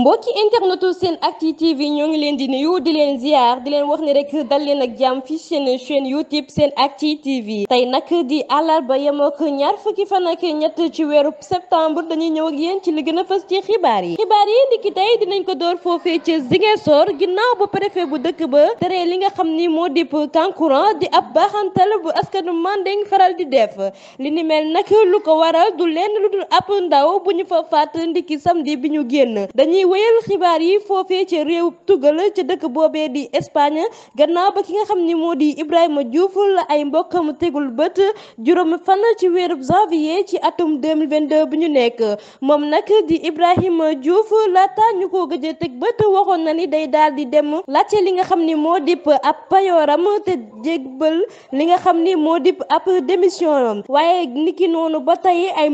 mbokki internetu seen acti tv ñoo ngi leen di nuyu di leen ziar di leen wax ne rek dal leen ak jàmm fi seen chaîne youtube seen acti tv tey nag di àllarba yem ak ñaar fukki fan ak ñett ci weeru septembre dañuy ñëw ak yéen ci li gën a fës ci xibaar yi xibaar yi ndiki tey dinañ ko door foofee ci Ziguinchor ginnaaw ba préfet bu dëkk ba tere li nga xam ni moo di kankuran di ab baaxantal bu askanu Mandeng faral di def li ni mel nag lu ko waral du lenn lu dul ab ndaw bu ñu fa faat ndiki samedi bi ñu génn dañuy wéyal xibaar yi foofee ca réew tugal ca dëkk boobee di Espagne gannaaw ba ki nga xam ni moo di Ibrahima Diouf la ay mbokkam tegul bët juróom fan ci weerub janvier ci atum 2022 bu ñu nekk moom nag di Ibrahima Diouf laata ñu ko gëj a teg bët waxoon na ni day daal di dem laajte li nga xam ni moo dip ab payooram te jégbal li nga xam ni moo dip ab démission waaye niki noonu ba tey ay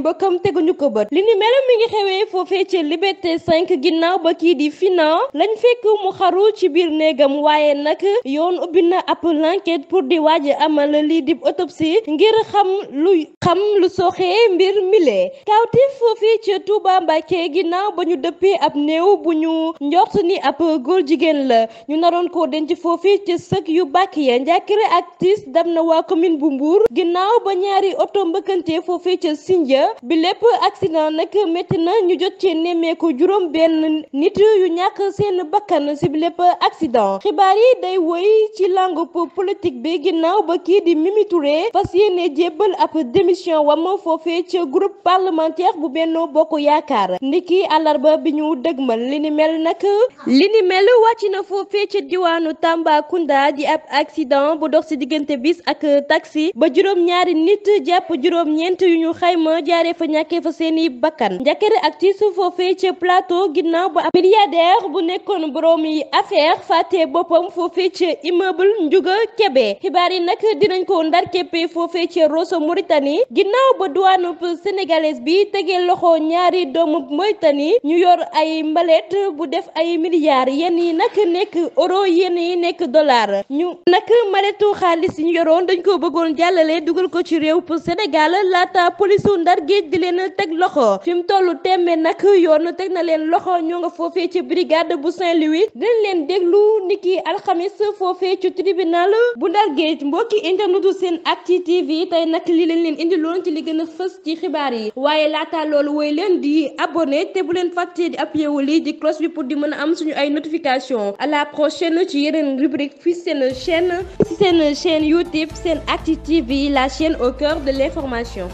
ko bët mi ngi xewee foofee ca Liberté 5 ginnaaw ba kii di Finan lañ fekk mu xaru ci biir néegam waaye nag yoon ubbi na ab l'enquête pour di waaj amal lii di autopsie ngir xam lu xam lu soxee mbir mile kawte foofi ca Touba Mbacké ginnaaw ba ñu dëppee ab néew bu ñu njort ni ab góor jigéen la ñu naroon ko denc foofi ca sëk yu bàkk ya njàkkare ak tiis dam na waa commune bu mbuur ginnaaw ba ñaari oto mbëkkante foofi ca Sindia bi lépp accident nag métti na ñu jot ci nemmeeku juróom benn nit yu ñàkk seen bakkan si lépp accident xibaar yi day woy ci langue politique bi ginnaaw ba kii di Mimi Touré fas yéene jébbal ab démission wam foofee ci groupe parlementaire bu Benno Bokk Yaakaar ndiki alarba bi ñu dëgmal li ni mel nag li ni mel wàcc na foofee ci diwaanu Tambacounda di ab accident bu dox si diggante bis ak taxi ba juróom-ñaari nit jàpp juróom-ñeent yu ñu xayma jaare fa ñàkkee fa seeni bakkan njëkkër ak ci su foofee plateau ginnaaw ginnaaw bu ab milliardaire bu nekkoon borom yi affaire fàtte boppam foofee ci immeuble Ndiouga Kébé xibaar yi nag dinañ ko ndar képpee foofee ci Rosso Mauritanie ginnaaw ba douane sénégalaise bi tegee loxo ñaari doomu Mauritanie ñu yor ay mbalet bu def ay milliards yenn yi nag nekk euro yenn yi nekk dollar ñu nag mbaletu xaalis yi ñu yoroon dañ ko bëggoon jàllale dugal ko ci réew pour Sénégal laata polisu ndar géej di leen teg loxo fi mu tollu tembe nag yoon teg na leen loxo. ñoo nga foofee ci brigade bu Saint-Louis dinañ leen déglu niki alxamis foofee ci tribunal bu Ndar Géej mbokki internetu SENactu TV tey nag lii leen leen indiloon ci li gën a fës ci xibaar yi waaye laata loolu woy leen di abonné te bu leen fàttee di appuyé wu lii di cloche bi pour di mën a am suñu ay notification à la prochaine ci yeneen rubrique fii seen chaîne ci seen chaîne YouTube SENactu la chaîne au cœur de l'information